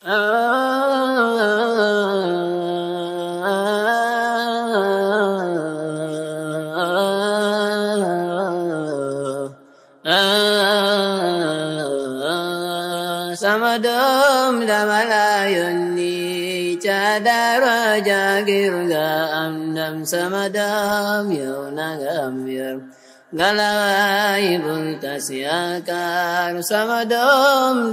sama doom dama la yónni ca daara am ndam sama doom yow yor ngalawaay bul tas yaakaar sama doom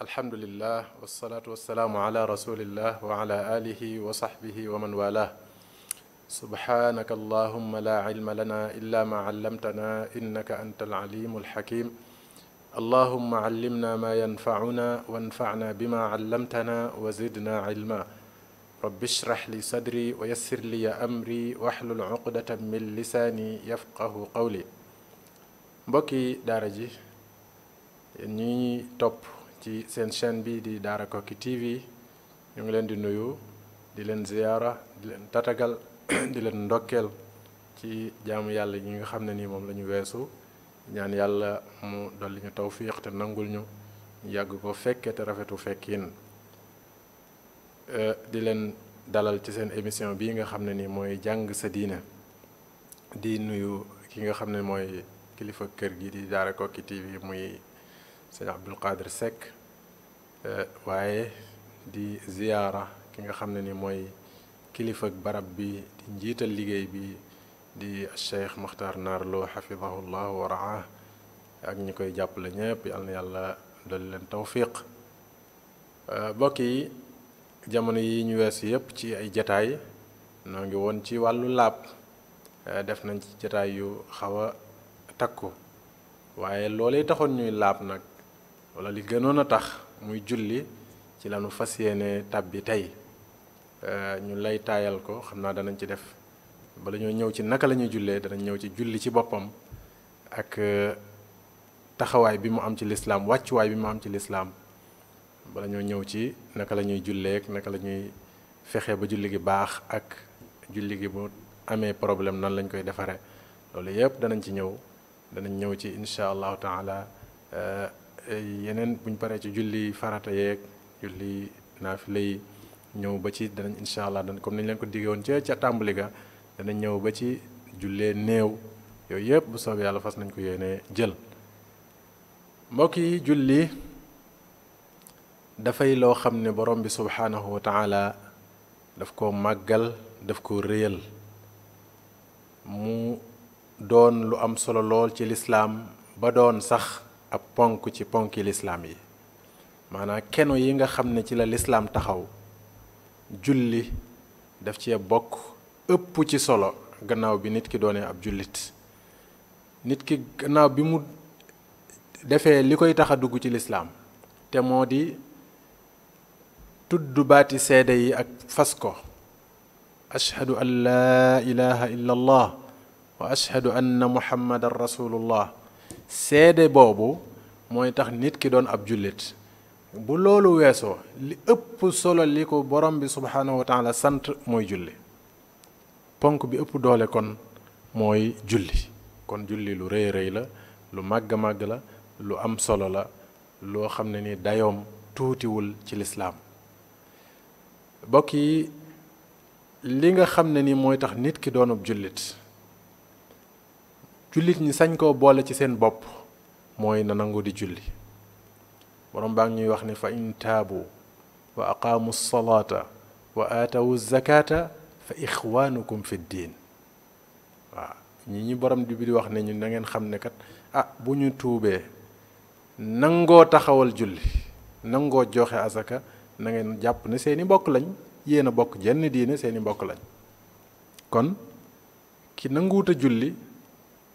alhamdulillah wasalaatu wasalaamu ala rasulillah wa ala alihi wa sahbihi wa man walah subhanaka allahumma la ilma lana illa ma allamtana innaka anta alalimu alhakim اللهم علمنا ما ينفعنا وانفعنا بما علمتنا وزدنا علما رب اشرح لي صدري ويسر لي امري واحلل عقدة من لساني يفقه قولي mbokki daara ji ñi topp ci seen chaîne bi di Daara Koki TV ñu ngi leen di nuyu di leen ziyaara di leen tatagal di leen ndokkeel ci jaamu yàlla yi nga xam ne nii moom la weesu ñaan yàlla mu dolli ñu tawfiix te nangul ñu yàgg ko fekke te rafetu fekkin euh, di leen dalal ci seen émission bii nga xam ne nii mooy jàng sa diine di nuyu ki nga xam ne mooy kilifa kër gi di Daara Koki TV muy. sëñ Abdul Qadir Seck eh, waaye di ziyaara ki nga xam ne ni mooy kilifa barab bi di njiital liggéey bi di Cheikh Makhtar Naar Lo xafidahullah wa ak ñi koy jàppale ñépp yal yàlla dolli leen tawfiq eh, mbokk yi jamono yi ñu wees yépp ci ay jataay noo ngi woon ci wàllu laab eh, def nañ ci jataay yu xaw a takku waaye loolee taxoon ñuy laab nag wala li gënoon a tax muy julli ci lanu fas yéene tab bi tey euh, ñu lay taayal ko xam naa danañ ci def bala ñoo ñëw ci naka lañuy ñuy danañ ñëw ci julli ci boppam ak euh, taxawaay bi mu am ci lislaam wàccuwaay bi mu am ci lislaam bala ñoo ñëw ci naka lañuy ñuy jullee ak fexe ba julli gi baax ak julli gi bu amee problème nan lañ koy defaree loolu yëpp danañ ci ñëw danañ ñëw ci incha allahu taala euh, yeneen buñ paree ci julli farata yeeg julli naafila yi ñëw ba ci danañ incha allah dan comme ni ñu leen ko digee woon ca ca tàmbali ga danañ ñëw ba ci jullee néew yooyu yëpp bu soobee yàlla fas nañ ko yéene jël mbokk yi julli dafay loo xam ne borom bi subhaanahu wa taala daf ko màggal daf ko réyal mu doon lu am solo lool ci lislaam ba doon sax ab ponk ci ponki lislaam yi maanaam keno yi nga xam ne ci la lislaam taxaw julli def cee bokk ëpp ci solo gannaaw bi nit ki doonee ab jullit nit ki gannaaw bi mu defee li koy taxa dugg ci lislaam te moo di tudd baati seede yi ak fas ko ashhadu an laa ilaha illa allah wa ashhadu anna muhammadan rasulullah seede boobu mooy tax nit ki doon ab jullit bu loolu weesoo li ëpp solo li ko borom bi subhaanahu wa taala sant mooy julli ponk bi ëpp doole kon mooy julli kon julli lu rëy rëy la lu màgg màgg la lu am solo la loo xam ne ni dayoom tuutiwul ci lislaam bokk yi li nga xam ne ni mooy tax nit ki doonub jullit jullit ñi sañ koo boole ci seen bopp mooy na nangu di julli borom baa ngi ñuy wax ne fa in taabu wa aqaamu salaata wa aatawu zakata fa ixwaanukum fi diin waaw ñi ñi borom di bi di wax ne ñu xam ne kat ah bu ñu tuubee nangoo taxawal julli nangoo joxe asaka na ngeen jàpp ne seeni mbokk lañ yéen a bokk jenn diine seeni mbokk lañ kon ki nanguuta julli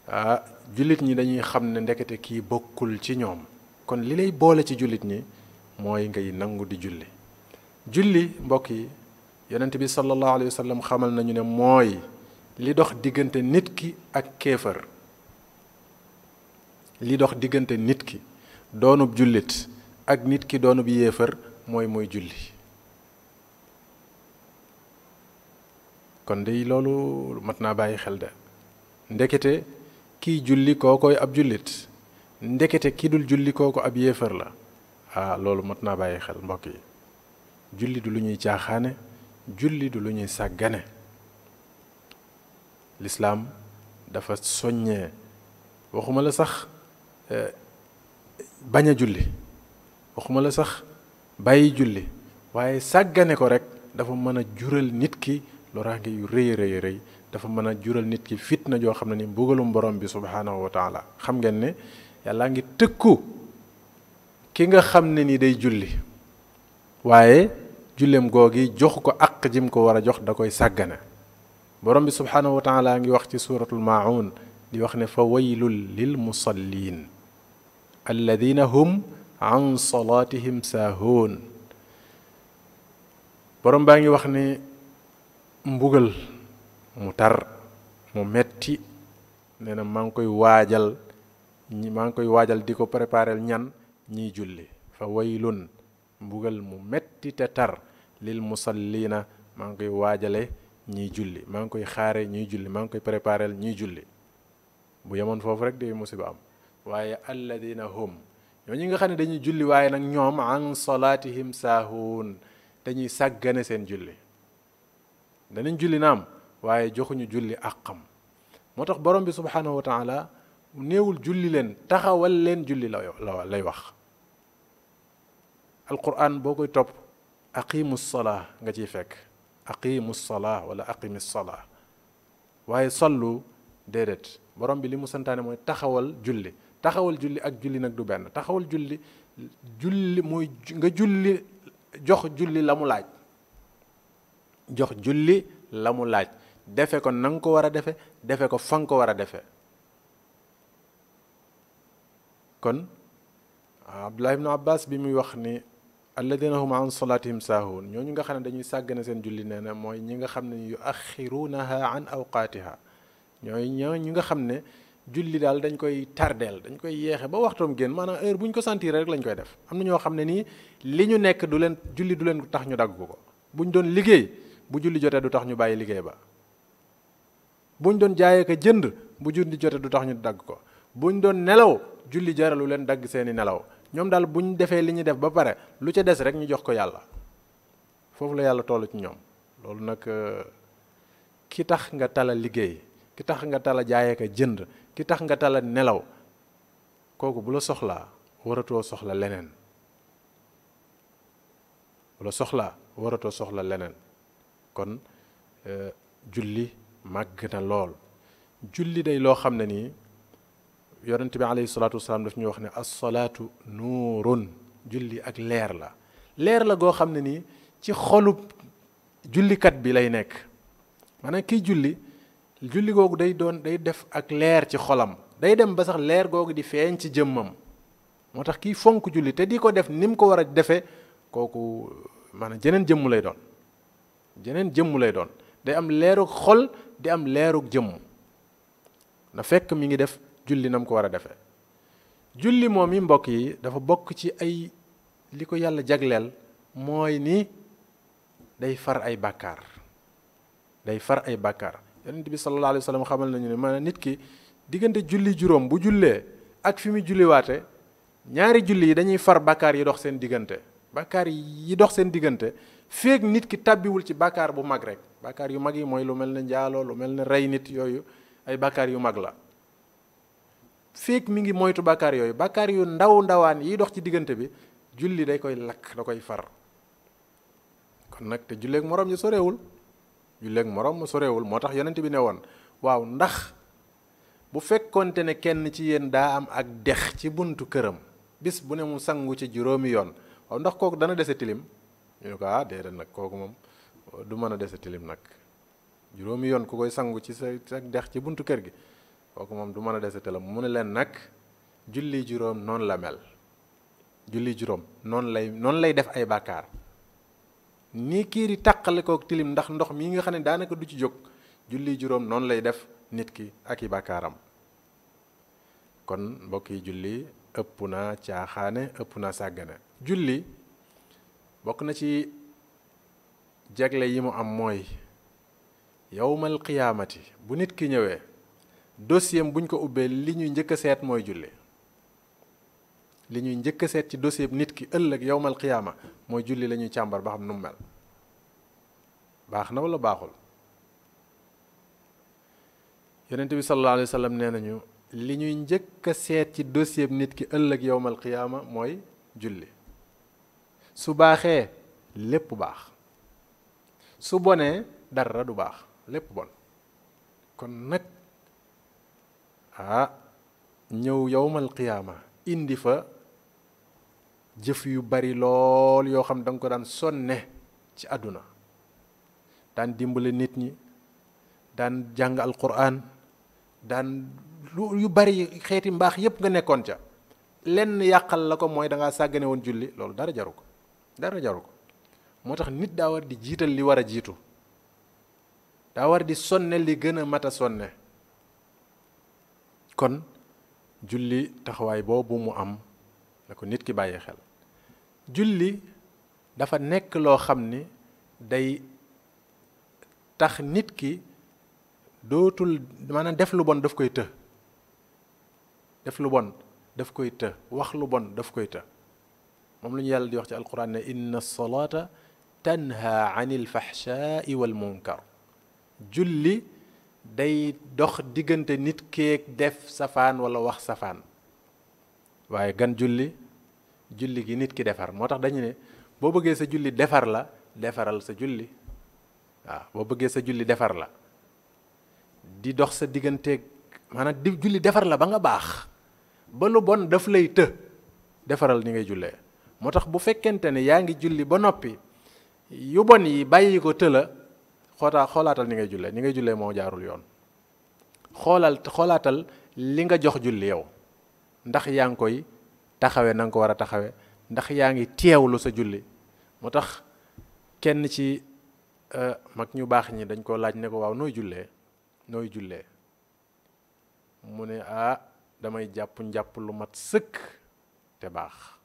ah jullit ñi dañuy xam ne ndekete kii bokkul ci ñoom kon li lay boole ci jullit ñi mooy ngay nangu di julli julli mbokk yi yonent bi sallallahu alayhi wa xamal nañu ne mooy li dox diggante nit ki ak kéefër li dox diggante nit ki doonub jullit ak nit ki doonub yéefër mooy mooy julli kon de loolu mat naa bàyyi xel de ndekete kii julli kookoy ab jullit ndekete ki dul julli kooku ab yéefar la ah loolu mot naa bàyyi xel mbokk yi julli du lu ñuy caaxaane julli du lu ñuy sàggane lislaam dafa soññee waxuma la sax eh, bañ a julli waxuma la sax bàyyi julli waaye sàggane ko rek dafa mën a jural nit ki loraange yu rëy rëy rëy dafa mën a jural nit ki fitna joo xam ne ni mbugalum borom bi subhaanahu wa taala xam ngeen ne yàllaa ngi tëkku ki nga xam ne ni day julli waaye julleem googi jox ko ak jim ko war a jox da koy sàggane borom bi subhaanahu wa taala ngi wax ci suuratul maa'un di wax ne fa waylul lil musalliin alladina hum an salaatihim saahoon borom baa ngi wax ne mbugal mu tar mu metti nee na maa ngi koy waajal ñi maa ngi koy waajal di ko préparel ñan ñiy julli fa waylun mbugal mu metti te tar lil musallina maa ngi koy waajale ñiy julli maa ngi koy xaare ñiy julli maa ngi koy préparel ñiy julli bu yemoon foofu rek day musiba am waaye alladina hum ñoo ñi nga xam ne dañuy julli waaye nag ñoom an salatihim saahuun dañuy sàggane seen julli danañ julli naam waaye joxuñu julli àqam moo tax borom bi subhanahu wa taala néewul julli leen taxawal leen julli la lay wax alquran boo koy topp aqimu salaa nga ciy fekk aqimu salaa wala aqimi salaa waaye sallu déedéet borom bi li mu santaane mooy taxawal julli taxawal julli ak julli nag du benn taxawal julli julli mooy nga julli jox julli la mu laaj jox julli la mu laaj defe ko na ko war a defe defe ko fang ko war a defe kon abdullah ibnu abbas bi muy wax ni alladina hum an salatihim ñoo ñooñu nga xam ne dañuy sàgg ne seen julli nee na mooy ñi nga xam ne yu axirunaha an awqaatiha ñooy ñoo ñi nga xam ne julli daal dañ koy tardeel dañ koy yeexe ba waxtoom génn maanaam heure bu ñu ko sentir rek lañ koy def am na ñoo xam ne nii li ñu nekk du leen julli du leen tax ñu dagg ko bu ñu doon liggéey bu julli jotee du tax ñu bàyyi liggéey bu buñ doon jaayee ko jënd bu julli jote du tax ñu dagg ko ñu doon nelaw julli jaralu leen dagg seeni nelaw ñoom daal buñ defee li ñuy def ba pare lu ca des rek ñu jox ko yàlla foofu la yàlla toll ci ñoom loolu nag euh, ki tax nga tala liggéey ki tax nga tala jaayee ko jënd ki tax nga tala nelaw kooku bu la soxlaa waratoo soxla leneen bu la soxlaa waratoo soxla leneen kon euh, julli màgg na lool julli day loo xam ne nii yonent bi alayhi salaatu wasalaam daf ñuy wax ne as-salaatu nuurun julli ak leer la leer la goo xam ne nii ci xolub jullikat bi lay nekk maanaam kiy julli julli googu day doon day def ak leer ci xolam day dem ba sax leer googu di feeñ ci jëmmam moo tax kiy fonk julli te di ko def ni mu ko war a defee kooku maanaam jeneen jëmm lay doon jeneen jëmmu lay doon day am leerug xol di am leerug jëmm na fekk mi ngi def julli nam ko war a defe julli moom yi mbokk yi dafa bokk ci ay li ko yàlla jagleel mooy ni day far ay bàkkaar day far ay bàkkaar yonent bi sallallahu alayhi wa xamal nañu ne maanaam nit ki diggante julli juróom bu jullee ak fi mu julliwaate ñaari julli yi dañuy far bàkkaar yi dox seen diggante bàkkaar yi dox seen diggante feeg nit ki tàbbiwul ci bàkkaar bu mag rek bàkkaar yu mag yi mooy lu mel ne njaaloo lu mel ne rey nit yooyu ay bàkkaar yu mag la feeg mi ngi moytu bàkkaar yooyu bàkkaar yu ndaw ndawaan yiy dox ci diggante bi julli day koy lakk da koy far kon nag te julleeg moroom yi sorewul julleeg moroom mu sorewul moo tax yonent bi ne woon waaw ndax bu fekkoonte ne kenn ci yéen daa am ak dex ci buntu këram bis bu ne mu sangu ci juróomi yoon waaw ndax kooku dana dese tilim ñu ne ko ah déedéet nag kooku moom du mën a dese tilim nag juróomi yoon ku koy sangu ci sa sa dex ci buntu kër gi kooku moom du mën a dese tilim mu ne leen nag julli juróom noonu la mel julli juróom noonu lay noonu lay def ay bàkkaar nii kii di taqale kook tilim ndax ndox mii nga xam ne daanaka du ci jóg julli juróom noonu lay def nit ki ak i bàkkaaram kon mbokk yi julli ëpp naa caaxaane ëpp naa sàggane julli bokk na ci jagle yi mu am mooy yowmal qiyaamati bu nit ki ñëwee dossier am buñ ko ubbee li ñuy njëkk a seet mooy julli li ñuy njëkk a seet ci dossier nit ki ëllëg yowmal qiyaama mooy julli la ñuy càmbar ba xam nu mu baax na walla baaxul yonent bi sallallahu alayhi wa nee nañu li ñuy njëkk a seet ci dossier nit ki ëllëg yowmal qiyaama mooy julli su baaxee lépp baax su bonee dara du baax lépp bon kon nag ah ñëw yowmal qiyaama indi fa jëf yu bari lool yoo xam da nga ko daan sonne ci àdduna daan dimbale nit ñi daan jàng alquran daan lu yu bari xeeti mbaax yépp nga nekkoon ca lenn yàqal la ko mooy da ngaa sàggane woon julli loolu dara jaru ko dara jaru ko moo tax nit daa di jiital li war a jiitu daawar di sonne li gën a mat a sonne kon julli taxawaay boobu mu am la ko nit ki bàyyi xel julli dafa nekk loo xam ne day tax nit ki dootul maanaam def lu bon daf koy të def lu bon daf koy të wax lu bon daf koy të moom la ñu yàlla di wax ci alquran ne inna salaata tanha anil fahshaai wal munkar julli day dox diggante nit keek def safaan wala wax safaan waaye gan julli julli gi nit ki defar moo tax dañu ne boo bëggee sa julli defar la defaral sa julli waaw boo bëggee sa julli defar la di dox sa digganteeg maanaam di julli defar la ba nga baax ba lu bon daf lay të defaral ni ngay jullee moo tax bu fekkente ne yaa ngi julli ba noppi yu bon yi bàyyi ko tëla xootaa xoolaatal ni ngay jullee ni ngay jullee moo jaarul yoon xoolal xoolaatal li nga jox julli yow ndax yaa ngi koy taxawe na nga ko war a taxawe ndax yaa ngi teewlu sa julli moo tax kenn ci euh, mag ñu baax ñi dañ ko laaj ne ko waaw nooy jullee nooy jullee mu ne ah damay jàpp jàpp lu mat sëkk te baax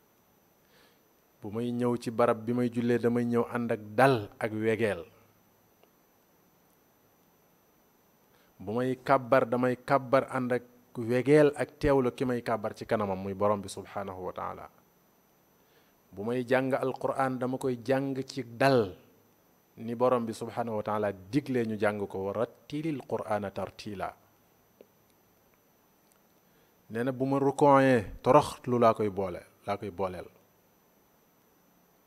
bu may ñëw ci barab bi may jullee damay ñëw ànd ak dal ak wegeel bu may kàbbar damay kàbbar ànd ak wegeel ak teewlu ki may kàbbar ci kanamam muy borom bi subhaanahu wa bu may jàng alquran dama koy jàng ci dal ni borom bi subhaanahu wa taala ñu jàng ko wa rattilil qur'aana tartiila nee na bu ma rukoyee torox lu laa koy boole laa koy booleel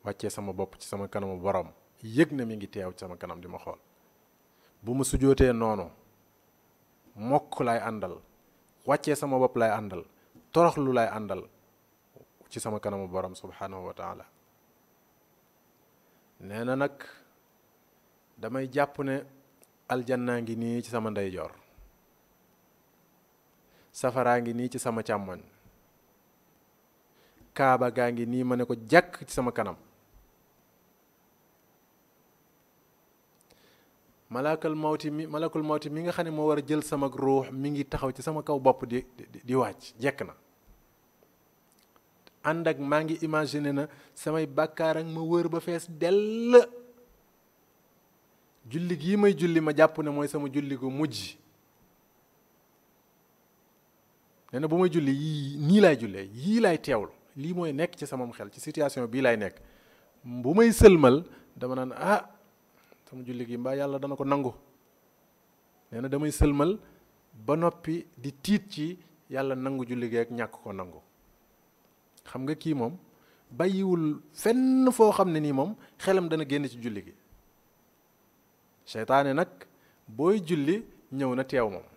wàccee sama bopp ci sama kanamu borom yëg na mi ngi teew ci sama kanam di ma xool bu ma sujootee noonu mokk laay àndal wàccee sama bopp laay àndal toroxlu laay àndal ci sama kanamu borom subhanahu wa nee na nag damay jàpp ne aljan naa ngi nii ci sama ndeyjoor safaraa ngi nii ci sama càmmoñ kaaba gaa ngi nii ma ne ko jàkk ci sama kanam malaakal mawti mi malakul mawti mi nga xam ne moo war a jël sama ruux mi ngi taxaw ci sama kaw bopp di wàcc jekk na ànd ak maa ngi imaginer na samay bàkkaar ma wër ba fees dell julli gii may julli ma jàpp ne mooy sama julli gu mujj nee na bu may julli yii nii laay jullee yii laay teewul lii mooy nekk ci sama xel ci situation bii laay nekk bu may sëlmal dama naan ah sama julli gi mbaa yàlla dana ko nangu nee na damay sëlmal ba noppi di tiit ci yàlla nangu julli gi ak ñàkk ko nangu xam nga kii moom bàyyiwul fenn foo xam ne nii moom xelam dana génn ci julli gi seytaane nag booy julli ñëw na teew moom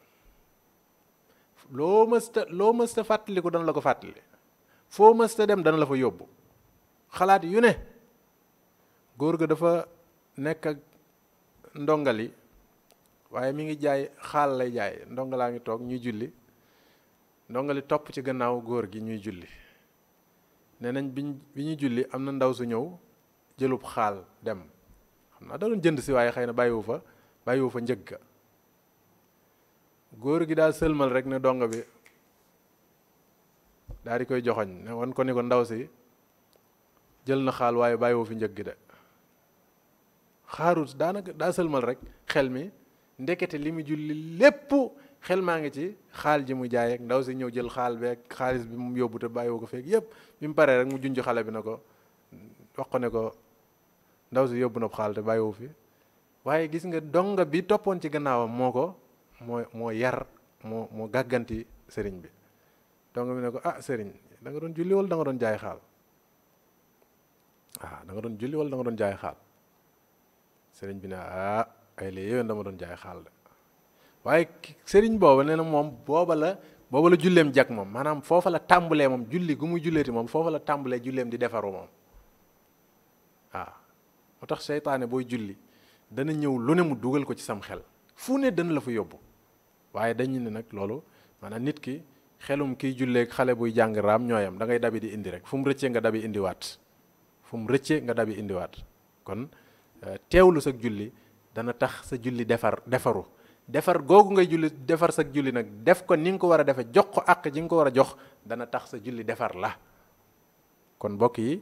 loo mësta loo mësta fàttaliku dana la ko fàttali foo mësta dem dana la fa yóbbu xalaat yu ne góor ga dafa nekk ak ndongali waaye mi ngi jaay xaal lay jaay ndongalaa ngi toog ñuy julli ndongali topp ci gannaaw góor gi ñuy julli nee nañ biñ bi ñuy julli am na ndaw su ñëw jëlub xaal dem xam naa da jënd si waaye xëy na bàyyiwu fa bàyyiwu fa njëg ga góor gi daal sëlmal rek ne donga bi daal di koy joxoñ ne wan ko ni ko ndaw si jël na xaal waaye bàyyiwu fi njëg gi de xaarut daanaka daa sëlmal rek xel mi ndekete li mu julli lépp xel maa ngi ci xaal ji mu jaay ndaw si ñëw jël xaal beeg xaalis bi mu yóbbu te bàyyiwoo ko feeg yëpp bi mu paree rek mu junj xale bi na ko wax ko ne ko ndaw si yóbbu na xaal te bàyyiwu fi waaye gis nga donga bi toppoon ci gannaawam moo ko moo moo yar moo moo gàgganti sëriñ bi donga bi ne ko ah sëriñ danga doon julli wala da doon jaay xaal ah da doon julli wala da doon jaay xaal. sëriñ bi ne ah ay la yéwén dama doon jaay xaal de waaye sëriñ booba nee na moom booba la booba la julleem jag moom maanaam foofa la tàmbalee moom julli gu muy julleeti moom foofa la tàmbalee julleem di defaru moom waaw ah, moo tax seytaane booy julli dana ñëw lu ne mu dugal ko ci sam xel fu ne dana la fu yóbbu waaye dañu ne nag loolu maanaam nit ki xelum kiy julleeg xale buy jàng raam ñooyam da ngay dabi di indi rek fu mu rëccee nga dabi indiwaat fu mu rëccee nga dabi indiwaat Euh, teewlu sa julli dana tax sa julli defar defaru defar googu ngay julli defar sa julli nag def ko ni nga ko war a defe jox ko àq ji nga ko war a jox dana tax sa julli defar la kon mbokk yi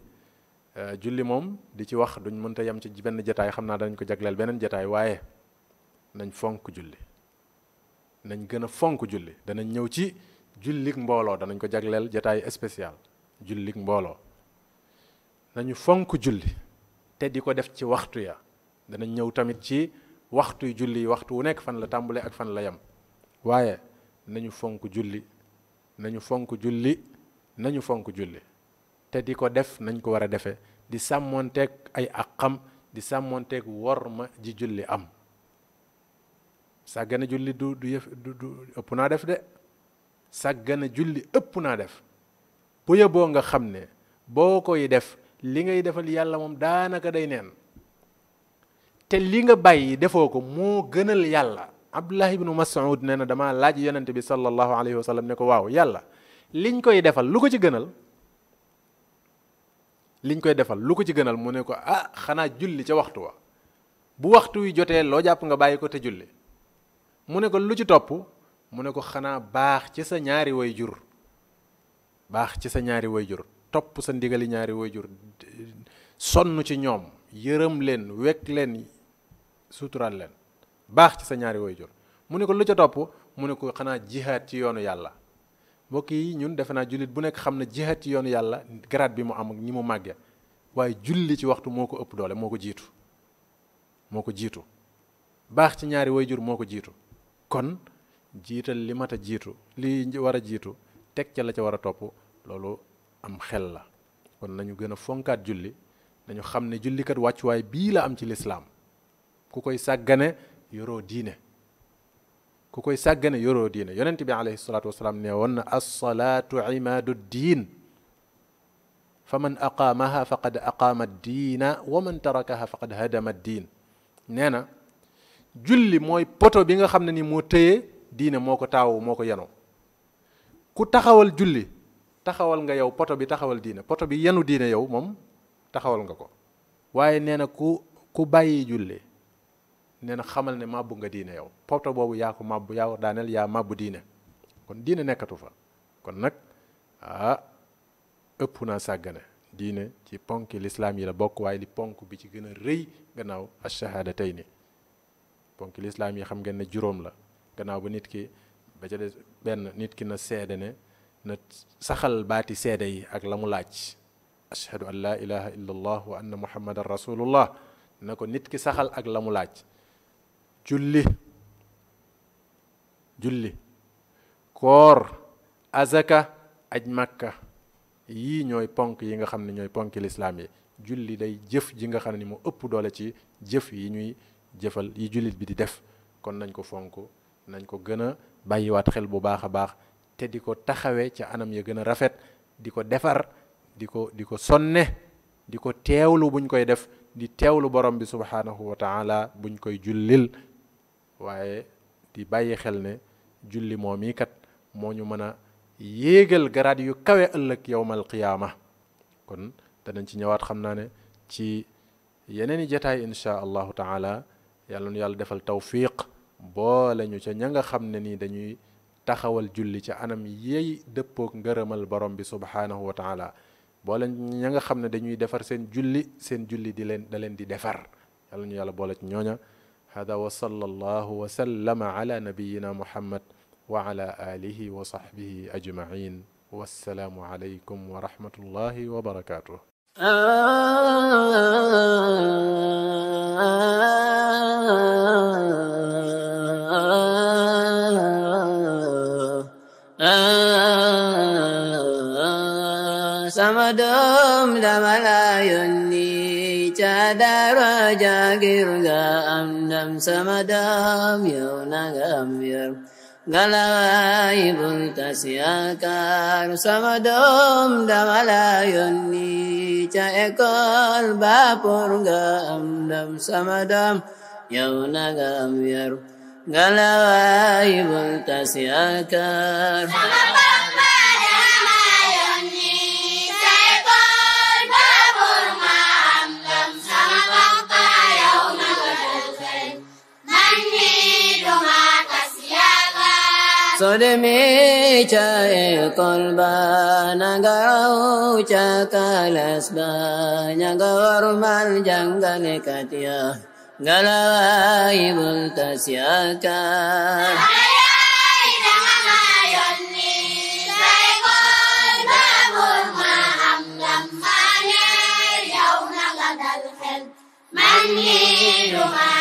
euh, julli moom di ci wax duñ mënta yem ci benn jataay xam naa danañ ko jagleel beneen jataay waaye nañ fonk julli nañ gën a fonk julli dana ñëw ci jullik mbooloo danañ ko jagleel jataay spécial jullik mbooloo nañu fonk julli te di ko def ci waxtu ya danañ ñëw tamit ci waxtu julli waxtu wu nekk fan la tàmbule ak fan la yem waaye nañu fonk julli nañu fonk julli nañu fonk julli te di ko def nañ ko war a defe di sàmmoonteeg ay àqam di sàmmoonteeg wor ma ji julli am sàggana julli du du ëpp naa def de sàggana julli ëpp naa def bu yeboo nga xam ne boo koy def li ngay defal yàlla moom daanaka day neen te li nga bàyyi defoo ko moo gënal yàlla abdullah ibnu mas'ud nee na damaa laaj yonente bi sallallahu alayhi wa sallam ne ko waaw yàlla liñ koy defal lu ko ci gënal liñ koy defal lu ko ci gënal mu ne ko ah xanaa julli ca waxtu wa bu waxtu wi jotee loo jàpp nga bàyyi ko te julli mu ne ko lu ci topp mu ne ko xanaa baax ci sa ñaari way jur baax ci sa ñaari way jur topp sa ndigali ñaari jur sonn ci ñoom yërëm leen wekk leen suturaal leen baax ci sa ñaari jur mu ne ko lu ca topp mu ne ko xanaa jihaad ci yoonu yàlla mbokk yi ñun defe naa jullit bu nekk xam na jihaad ci yoonu yàlla grade bi mu am ak ñi mu màgge waaye julli ci waxtu moo ko ëpp doole moo ko jiitu moo ko jiitu baax ci ñaari waajur moo ko jiitu kon jiital li mat a jiitu li war a jiitu teg ca la ca war a topp loolu am xel la kon nañu gën a fonkaat julli nañu xam ne jullikat wàccuwaay bii la am ci lislaam ku koy sàggane yoroo diine ku koy sàggane yoroo diine yonent bi alayhi salaatu wasalaam ne woon na alsalaatu imaadu diin fa man aqaamaha faqad aqaama diina wa man tarakaha faqad hadama diin nee na julli mooy poto bi nga xam ne ni moo tëye diine moo ko taawu moo ko yanoo ku taxawal julli taxawal nga yow poto bi taxawal diine poto bi yenu diine yow moom taxawal nga ko waaye nee na ku ku bàyyi julli nee na xamal ne màbbu nga diine yow poto boobu yaa ko màbbu yaa ko daaneel yaa màbbu diine kon diine nekkatu fa kon nag ah, ëpp naa sàggane diine ci ponk lislaam yi la bokk waaye li ponk bi ci gën a rëy gannaaw ash-shahadatayni ponk lislaam yi xam ngeen ne juróom la gannaaw ba nit ki ba ca des benn nit ki na seede ne na saxal baati seede yi ak la mu laaj ashhadu an laa ilaha illa allah wa anna muhammadan rasulullah na ko nit ki saxal ak la mu laaj julli julli koor azaka aj makka yii ñooy ponk yi nga xam ne ñooy ponki lislaam yi julli day jëf ji nga xam ne moo ëpp doole ci jëf yi ñuy jëfal yi jullit bi di def kon nañ ko fonk nañ ko gën a bàyyiwaat xel bu baax a baax te di ko taxawee ca anam ya gën a rafet di ko defar di ko di ko sonne di ko teewlu buñ koy def di teewlu borom bi subhaanahu wa taala buñ koy jullil waaye di bàyyi xel ne julli moom yi kat moo ñu mën a yéegal garaat yu kawe ëllëg yowmal qiyaama kon danañ ci ñëwaat xam naa ne ci yeneen yi jataay inchaa allahu taala yàlla yàlla defal tawfiq boole ñu ca ña nga xam ne nii dañuy taxawal julli ci anam yey dëppook ngërëmal borom bi subhaanahu wa taala boole ña nga xam ne dañuy defar seen julli seen julli di leen da leen di defar yàlla ñu yàlla boole ci ñooña hada wa sallallahu wa sallama ala nabiyina muhammad wa ala alihi wa sahbihi ajmain wassalaamu aleykum wa rahmatullahi wa barakatuh ah. jagirga am dam samadam yow nagam yor galay bul tasiyakar samadom damala yonni ca ekol bapur ga am dam samadam yow nagam yor galay bul tasiyakar قدمي جاي قلبان غاو جاكا لسبان غور مال جنگل كتيا غلاوي بلتسياكا من يلوم